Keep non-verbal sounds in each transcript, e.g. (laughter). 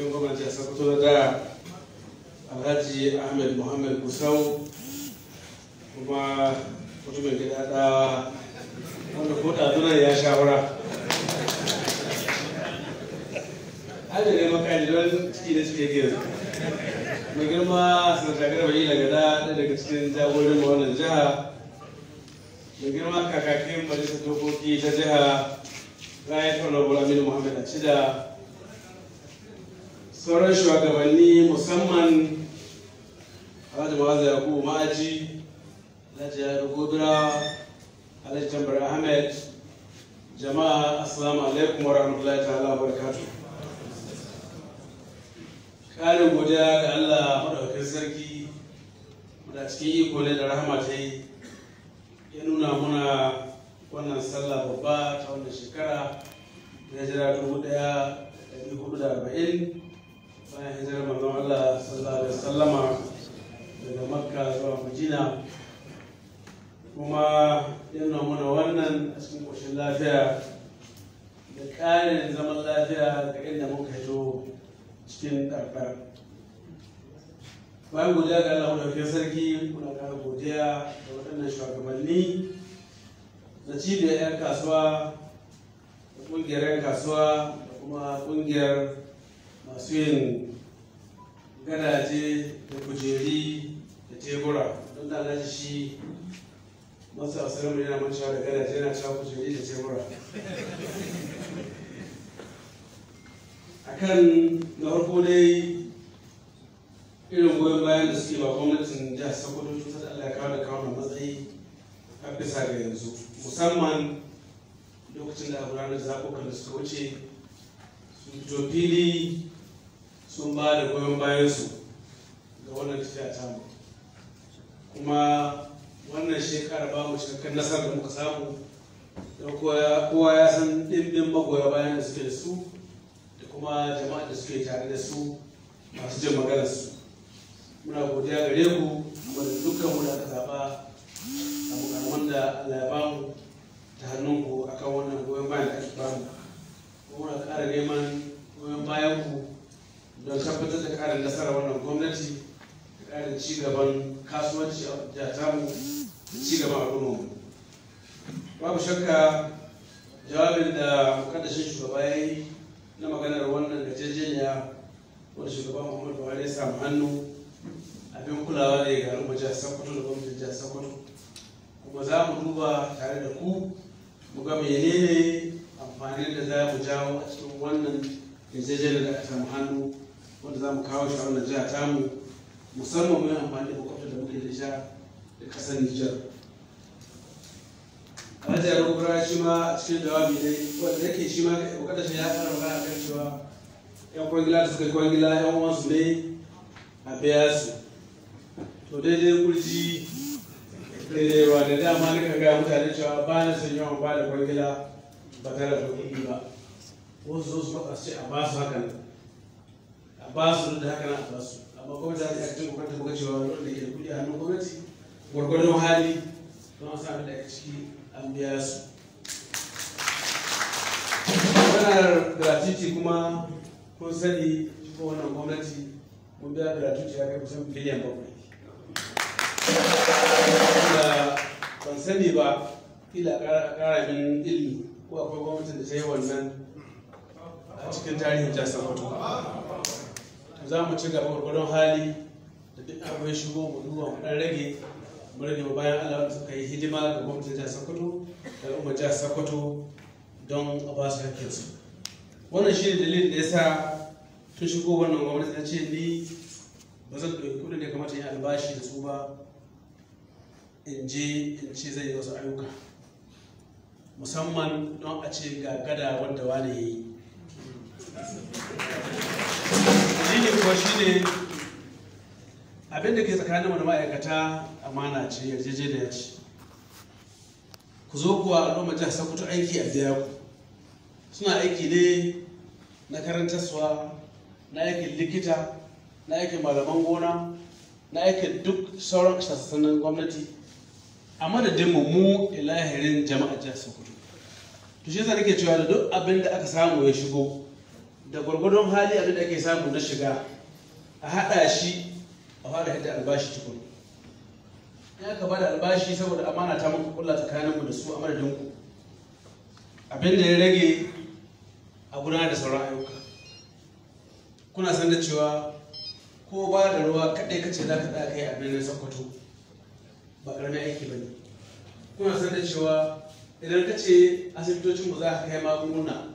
mataimakin gwamnati a sokoto na da alhaji ahmed muhammad kusau kuma mutumin gida dawa wanda ko ɗadunan ya shawara hajji ne makali don ciki da ciki yanzu mai girma bai yi daga da daga cikin jagorin wannan jiha mai girma kakakin majalisar dokoki ta jiha rayar taunawar aminu muhammad a cida. sauran shugabanni musamman kuma yana muna wannan a cikin ƙoshin lafiya da ƙarin zaman lafiya ga inda muka hito cikin Ba bayan godiya ga Allah ɗauke sarki muna ƙara godiya da waɗannan shugabanni da cibiyar 'yan kasuwa da ƙungiyar 'yan kasuwa da kuma ƙungiyar masu yin gadaje da kujeri da tebura don da shi masu a mai yana mancewa da gana yana cewa ku da mura. a kan na farko dai irin goyon bayan da suke ba gwamnatin jihar sokoto ta da allah ya kawo da kawo na matsayi a bisa ga yanzu musamman lokacin da abu ranar zaɓuɓɓukan da suka wuce sun fito fili sun ba da goyon bayansu ga wannan tafiya tamu kuma wannan shekara ba mu cikakken nasarar da muka samu don kowa ya san ɗimbin magoya bayan da suke da su da kuma jama'a da suke tare da su masu jin su. muna godiya gare ku kuma da dukkan mu da aka zaɓa a bukar wanda Allah ta hannun ku akan wannan goyon bayan da ake bamu kuma muna ƙara neman goyon bayan ku don tabbatar da ƙarin nasarar wannan gwamnati da ƙarin ci gaban kasuwanci a mu. ci gaba a ruwan babu shakka jawabin da mukaddashin shugaba ya yi na maganar wannan gajejeniya wanda shugaba muhammadu buhari ya samu hannu abin kulawa ne ga al'umma jihar sokoto da gwamnatin jihar sokoto kuma za mu duba tare da ku mu ga menene amfanin da za mu jawo a cikin wannan yarjejeniyar da aka samu hannu wanda za mu kawo shi a wannan jiha tamu musamman mai amfani da makwabta da muke da shi. da ƙasar Nijar. Alhaji Alubura shi ma cikin jawabi ne wanda yake shi ma bukatar shi ya fara magana kan cewa ‘yan kwangila da suka kwangila ‘yan uwansu ne a biya su. To daidai kurji daidai ruwa da dama nika gaya mutane cewa ba na son yawan ba da kwangila ba tare da kuɗi ba. Wasu zo su faɗa ce a ba su hakan a ba su da hakan a ba su. Amma kuma ta ake a cikin kwanta muka cewa wanda ke da kuɗi a hannun gwamnati gwargwadon hali don sami daga ciki an biya su maganar gratuity kuma kun sani cikin wannan gwamnati mun biya gratuity ya kai kusan biliyan bakwai da ban sani ba kila karamin ilimi ko akwai gwamnatin da ta yi wannan a cikin tarihin jasar hoto za mu ci gaba gwargwadon hali da duk abin shigo mu duba mu dan rage kamar ba bayan Allah suka yi hidima ga gwamnatin jihar Sokoto da al'ummar jihar Sokoto don a ba su hakkinsu wannan shi ne dalilin da ya sa tun shigo wannan gwamnati ta ce ni ba zan ɗauki kuɗin da kamata yin albashi da su ba in je in ce zai yi wasu ayyuka musamman don a ce ga gada wanda wane ya yi ne kuwa shi ne abin da ke tsakanin wani ma'aikata amana ce yarjejeniya ce ku zo kuwa al'umma jihar sakutu aiki a biya ku suna aiki ne na karantarsuwa na aikin likita na aikin malaman gona na aikin duk sauran sassanin gwamnati a madadin mu mu ilahirin jama'a jihar sakutu to shi cewa da duk abin da aka samu ya shigo da gwargwadon hali abin da ake samu na shiga a haɗa shi a fara ita albashi cikin ya ka bada albashi saboda amana ta muku kulla tsakaninku da su a madadin Abinda ya rage a gudanar da sauran ayyuka kuna san da cewa ko ba da ruwa kaɗai kace za ka tsaya kai a birnin sokoto ba ƙaramin aiki ba ne kuna san da cewa idan ka ce asibitocinmu za ka kai magunguna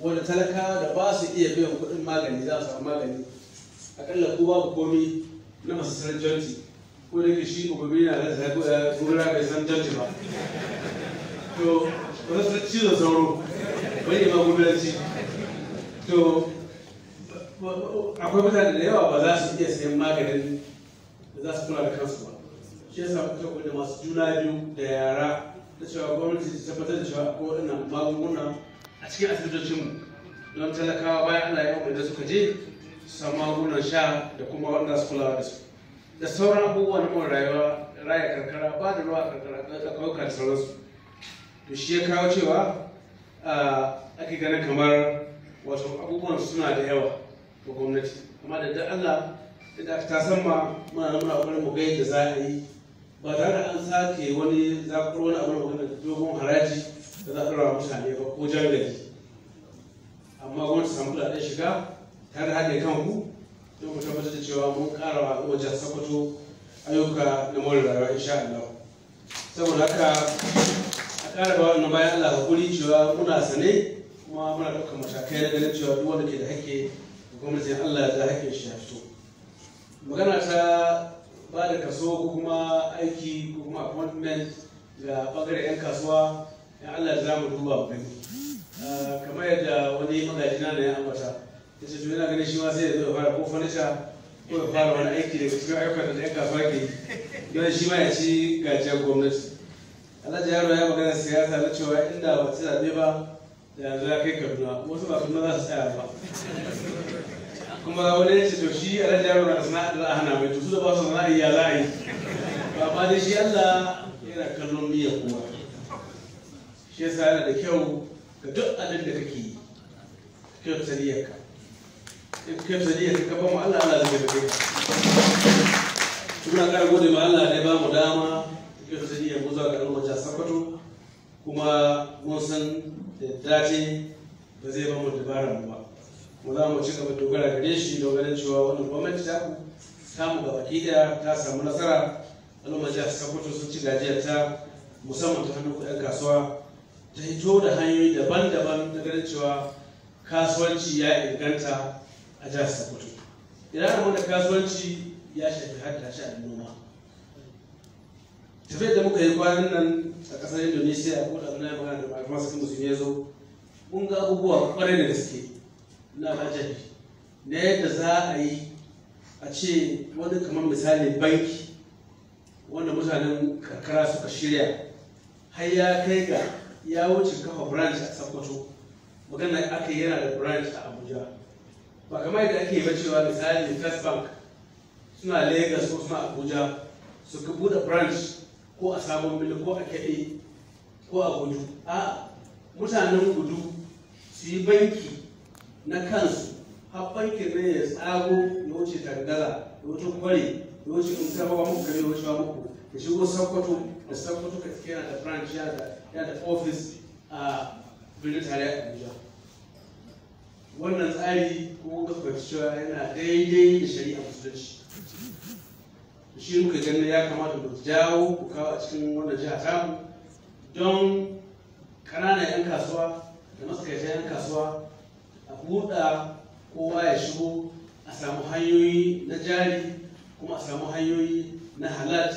wanda talaka da ba su iya biyan kuɗin magani za su samu magani akalla ko babu komi na masu janti ko da ke shi gobe yana da eh, gobira bai san janti ba to wani sanar cizon sauro bai yi ma ci to akwai mutane da yawa ba za su iya sayan maganin da za su kula da kansu ba shi yasa kuka kuma da masu juna biyu da yara da cewa gwamnati ta tabbatar da cewa ko wadannan magunguna a cikin asibitocinmu don talakawa bayan Allah ya umarta suka je samagunan sha da kuma wanda su kulawa da su da sauran abubuwa na mun rayuwa raya karkara ba da ruwa karkara a kauyuka da sauransu to shi ya kawo cewa ake ganin kamar wato abubuwan suna da yawa ga gwamnati amma da dan Allah da ta san ma muna muna ƙoƙarin mu ga yadda za a yi ba tare da an sake wani zakar wani abu magana da dogon haraji da za a ɗora mutane ba ko jangali amma gwamnati samu ɗaya shiga tare da haɗe kan ku don mu tabbatar da cewa mun ƙara wa wajen jihar ayyuka na more rayuwa insha Allah saboda haka a ƙara ba wannan bayan Allah hakuri cewa muna sane kuma muna ɗaukar matakai na ganin cewa duk wanda ke da hake, hakke gwamnatin Allah ya hake shi ya fito magana ta ba da kaso ko kuma aiki ko kuma appointment ga bangaren 'yan kasuwa ya Allah za mu duba gani ah, kamar yadda wani magajina da ya ambata ta ce yana ganin shi ma sai ya zo ya fara ko fanisha ko ya fara wani aiki daga cikin ayyukan da 'yan kasuwa ke yawan shi ma ya ci gajiyar gwamnati alhaji yaro ya magana siyasa na cewa inda ba ci zaɓe ba da yanzu ya kai kaduna wasu ba su za su tsaya ba kuma wani ya ce to shi alhaji yaro na sana'a da hana mai su da ba su sana'a ya za yi ba ba da shi allah yana kallon miya kuma shi yasa yana da kyau ga duk abin da kake yi kyau tsariyarka kai sadiya ka kafa mu Allah Allah zai kai muna ƙara gode ma Allah da ya ba mu dama kai sadiya mu zuwa garin wajen Sokoto kuma mun san da dace ba zai ba mu dabara mu ba mu za mu ci gaba dogara gare shi don ganin cewa wannan gwamnati ta ta mu gaba ɗaya ta samu nasara al'ummar jihar Sokoto sun ci gajiyar ta musamman ta hannun kuɗin kasuwa ta hito da hanyoyi daban-daban na ganin cewa kasuwanci ya inganta a jihar sokoto idan wanda kasuwanci ya shafi hadda shi a noma tafiya da muka yi kwanan nan a kasar indonesia ko da muna magana da ba masu musulmi ya zo mun ga abubuwa kwarai da gaske na ajabi na yadda za a yi a ce wani kamar misali banki wanda mutanen karkara suka shirya har ya kai ga ya wuce kafa branch a sokoto magana aka yana da branch a abuja ba kamar yadda ake ba cewa misali first bank suna lagos ko suna abuja su ka bude branch ko a sabon bili ko a kebe ko a gudu a mutanen gudu su yi banki na kansu har bankin ne ya tsago ya wuce tangara ya wuce kware ya wuce in ta bawa muku ya wuce muku ya shigo sakwato da sakwato ka yana da branch yana da office a birnin tare a abuja wannan tsari ko ka cewa yana daidai da shari'a musulunci shi muka ganin ya kamata ku jawo ku kawo a cikin wannan jiha tamu don ƙananan 'yan kasuwa da masakaita 'yan kasuwa a buɗa kowa ya shigo a samu hanyoyi na jari kuma a samu hanyoyi na halal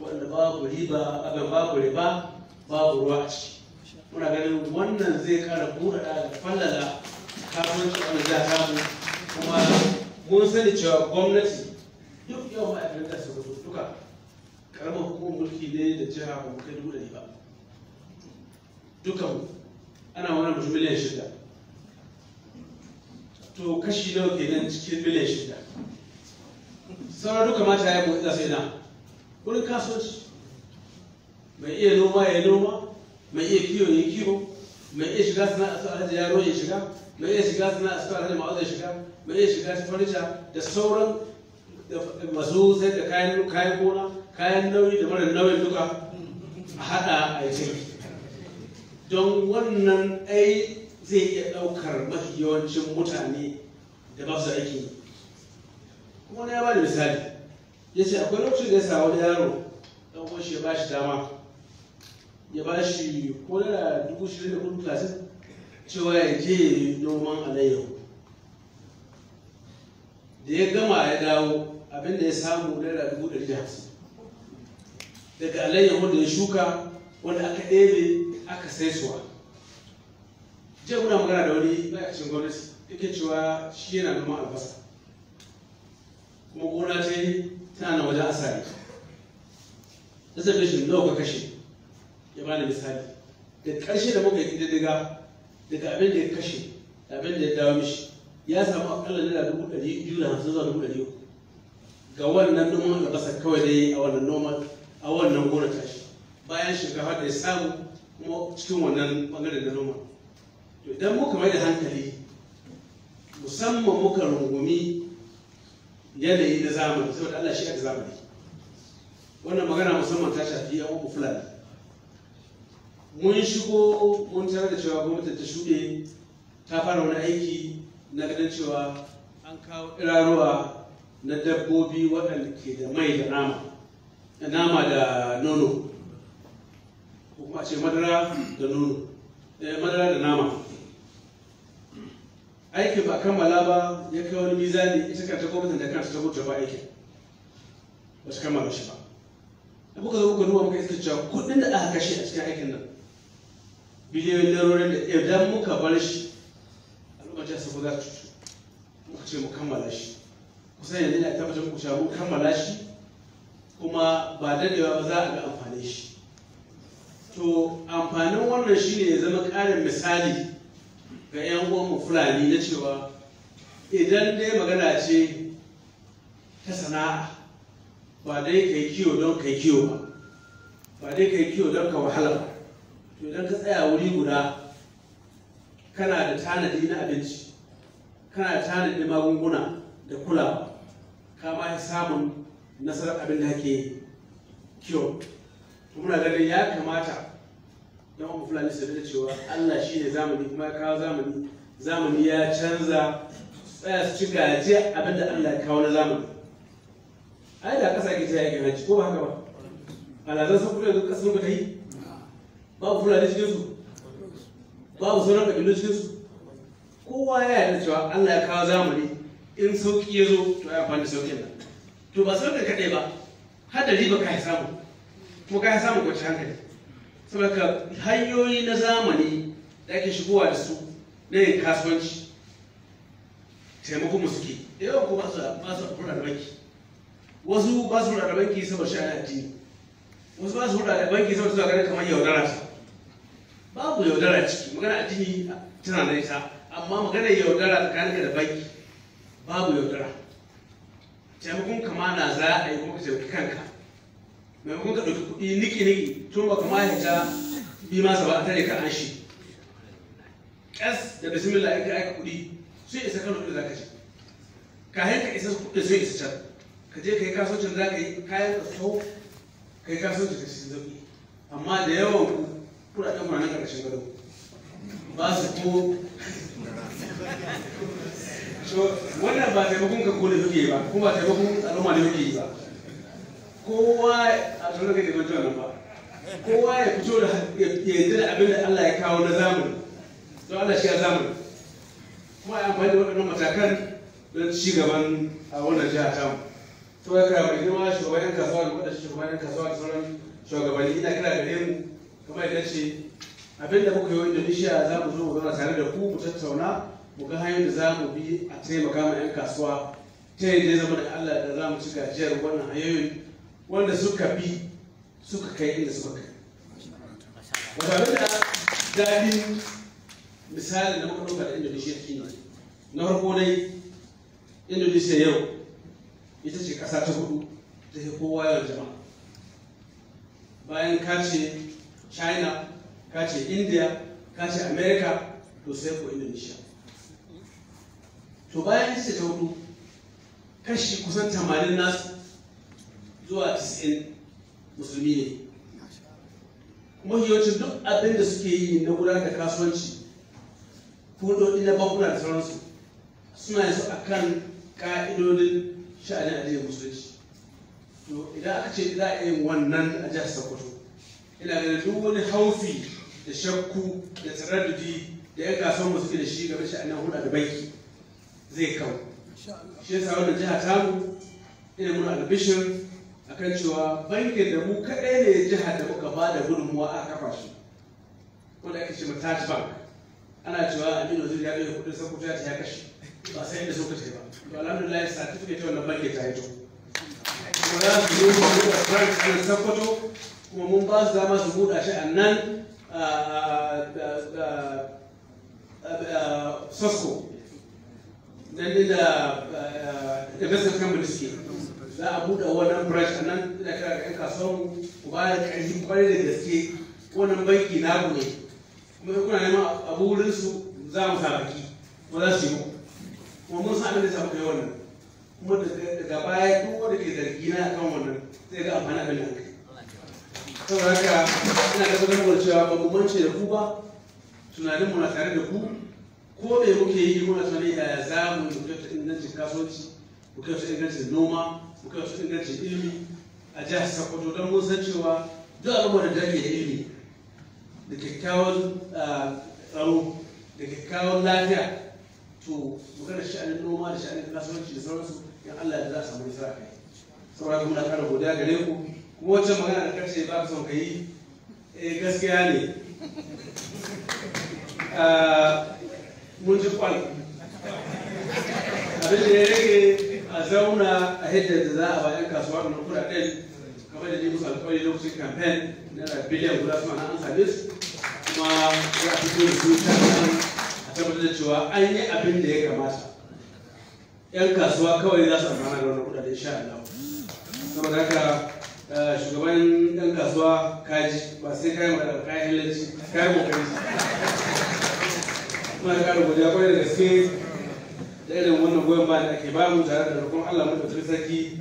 wanda babu riba abin babu riba babu ruwa ci muna ganin wannan zai kara buɗa da fallala kasuwanci wanda za ta mu kuma mun sani cewa gwamnati duk yawan ma'aikatan da su rubutu duka karamar hukumar mulki ne da jiha ba mu kai dubu ɗari ba dukan ana wani mutum miliyan shida to kashi nawa kenan cikin miliyan shida sauran duka mata ya motsi da sai na wurin kasuwanci mai iya noma ya noma mai iya kiwo ya kiwo mai iya shiga sana'a su alhaji yaro ya shiga na iya shiga suna a cikin ma'azu ya shiga na iya shiga shi furniture da sauran masu sai da kayan kayan gona kayan nauyi da mara nauyin duka a haɗa a yi don wannan ai zai iya ɗaukar mafi yawancin mutane da ba su aiki kuma na ya ba da misali ya ce akwai lokacin da ya sa wani yaro ɗan uwan shi ya ba shi dama ya ba shi ko da dubu shirin da kudu talatin cewa ya je noman alayyahu da ya gama ya dawo abinda ya samu naira dubu ɗari da hamsin daga alayyahu da ya shuka wanda aka ɗebe aka sai suwa jiya muna magana da wani ma'aikacin gwamnati yake cewa shi yana noman albasa kuma gona ce tana na wajen asali ta zabe shi nawa ka kashe ya bani misali da ƙarshe da muka yi ƙididdiga daga abin da ya kashe abin da ya dawo mishi ya samu akalla naira dubu ɗari biyu da hamsin zuwa dubu ɗari ga wannan noman albasa kawai dai a wannan noman a wannan gona tashi bayan shekara da ya samu kuma cikin wannan bangaren na noma to idan muka mai da hankali musamman muka rungumi yanayi na zamani saboda Allah shi da zamani wannan magana musamman ta shafi yan uku fulani mun shigo mun tare da cewa gwamnati ta shuɗe ta fara wani aiki na ganin cewa an kawo iraruwa na dabbobi waɗanda ke da mai da nama da nama da nono ko kuma a ce madara da nono eh, madara da nama aikin ba kammala ba ya kai wani mizani ita kanta gwamnatin da kanta ta huta ba aikin ba ta kammala shi ba abu ka zo muka duba muka isa cewa kuɗin da aka kashe a cikin aikin nan biliyoyin larorin da idan muka bar shi a lokacin su ba za su cutu muka ce mu kammala shi kusan yanzu na tabbatar ku sha mu kammala shi kuma ba dadewa ba za a ga amfanin shi to amfanin wannan shi ne ya zama ƙarin misali ga 'yan uwanmu fulani na cewa idan dai magana ce ta sana'a ba dai kai kiwo don kai kiwo ba ba dai kai kiwo don ka wahala ba to idan ka tsaya wuri guda kana da tanadi na abinci kana da tanadi magunguna da kula ka ba samun nasarar abin da ke kyau muna ganin ya kamata don ku fulani su da cewa Allah shi ne zamani kuma ya kawo zamani zamani ya canza tsaya su ci gaje abin da Allah ya kawo na zamani ai da kasa ke ta yake haji ko ba haka ba alazan sun kula da kasan ku ta yi babu fulani cikin su babu sauran kabilu cikin su kowa ya yarda cewa Allah ya kawo zamani in sauki ya zo to ya amfani sauki saukin nan to ba saukin kadai ba har da riba ka samu kuma ka samu ko hankali saboda hanyoyi na zamani da ake shigowa da su na yin kasuwanci taimakon musu ke yawan kuma ba su hura da banki wasu ba su hura da banki saboda sha'ani addini wasu ba su hura da banki saboda suna ganin kamar yaudara su babu yaudara ciki magana addini tana na isa amma magana yaudara tsakaninka da banki babu yaudara taimakon kama na za a yi kuma ka taimaki kanka maimakon ka ɗauki kuɗi niki-niki tun ba kama ya ta bi masa ba a tare ka an shi ƙas da bismillah in ka aika kuɗi sun isa kan kuɗi za ka ce ka ka isa kuɗi sun isa can ka je ka yi kasuwancin za ka yi kayan ka so ka yi kasuwancin ka cikin zauki amma da yawan ku kudaden mu na karshen gado ba su ko so wannan ba taimakon ka kone muke ba kuma ba taimakon al'umma ne muke yi ba kowa a tsoron ka ba kowa ya fito da da abin da Allah ya kawo na zamani don Allah shi ya zamani kuma ya amfani da waɗannan matakan don ci gaban a wannan jiha ta to ya kira mai girma shugaban yan kasuwa da waɗanda shugaban yan kasuwa da sauran shugabanni ina kira gare mu kuma ya ce abin da muka yi indonesia za mu zo mu zauna tare da ku mu tattauna mu ga hanyar da za mu bi a taimaka ma 'yan kasuwa ta yadda zama da allah da za mu ci gajiyar wannan hanyoyin wanda suka bi suka kai inda suka kai wata abin da daɗin misali da muka ɗauka da indonesia shi ne na farko dai indonesia yau ita ce ƙasa ta hudu ta kowa yau jama'a bayan kace china ka ce india ka ce america to sai ko indonesia to bayan ce ta hudu kashi kusan tamanin nasu zuwa 90 musulmi ne kuma yawancin duk abin da suke yi na gudanar da kasuwanci hudodi na bankuna da sauransu suna yanzu a kan ka'idodin sha'anin addinin musulunci to idan aka ce za a yi wannan a jihar sokoto ina da duk wani haufi da shakku da tsiraddudi da ya gasa mu suke da shi game nan hulɗa da banki zai kawo shi yasa wannan jiha mu? ina muna A akan cewa bankin da mu kaɗai ne jihar da muka ba da gudunmuwa a kafa shi wanda ake ce ma Bank ana cewa Aminu Zuri ya ɗaya kudin sakuta ya kashe ba sai inda suka ce ba to alhamdulillah ta wannan bankin ta yi to. Kuma za su yi kuma mun ba su dama su buɗa shi a nan sosco nan ne da investment company suke za a buɗe wannan branch a nan da kira ɗan kasuwan ku ba da ƙarfi kwarai da gaske wannan banki na ne kuma kuna neman abu wurinsu za mu sa baki ba za su yi kuma mun san abin da samu kai wannan kuma daga baya duk wanda ke zargi na kan wannan zai ga amfani abin da kai saboda haka ina ga gabatar da cewa ba mu mance da ku ba tunanin mu na tare da ku ko me muke yi muna tunani yaya za mu kyautata ingancin kasuwanci mu kyautata ingancin noma mu kyautata ingancin ilimi a jihar Sokoto don mun san cewa duk al'ummar da take da ilimi da kyakkyawan ah, tsaro da kyakkyawan lafiya to mu kada sha'anin noma da sha'anin kasuwanci da sauransu in Allah ya za a samu nasara kai saboda muna kara godiya gare ku kuma wacce magana da karshe ba son ka yi eh, gaskiya ne (laughs) ah, mun ji kwal abin da ya rage a zauna a hidda da za a bayan kasuwa da ɗin kamar da ne musu lokacin campaign da biliyan guda su na an same su kuma ya fito da su ta a tabbatar da cewa an yi abin da ya kamata yan kasuwa kawai za su amfana da wani kudade sha Allah saboda haka Eh, shugaban ɗan kasuwa kaji ba sai kayan wadda kayan halarci kayan kokari kuma da ƙara godiya kwarai da gaske da irin wannan goyon ba da ake ba mu tare da roƙon Allah mu ɗauki sarki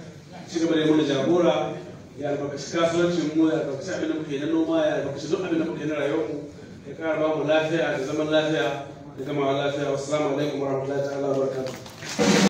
ci gaba da mana jagora ya albarkaci kasuwancin mu ya albarkaci abin da muke na noma ya albarkaci duk abin da muke na rayuwar mu ya ƙara ba mu lafiya da zaman lafiya da gamawa lafiya wassalamu alaikum warahmatullahi ta'ala wabarakatuh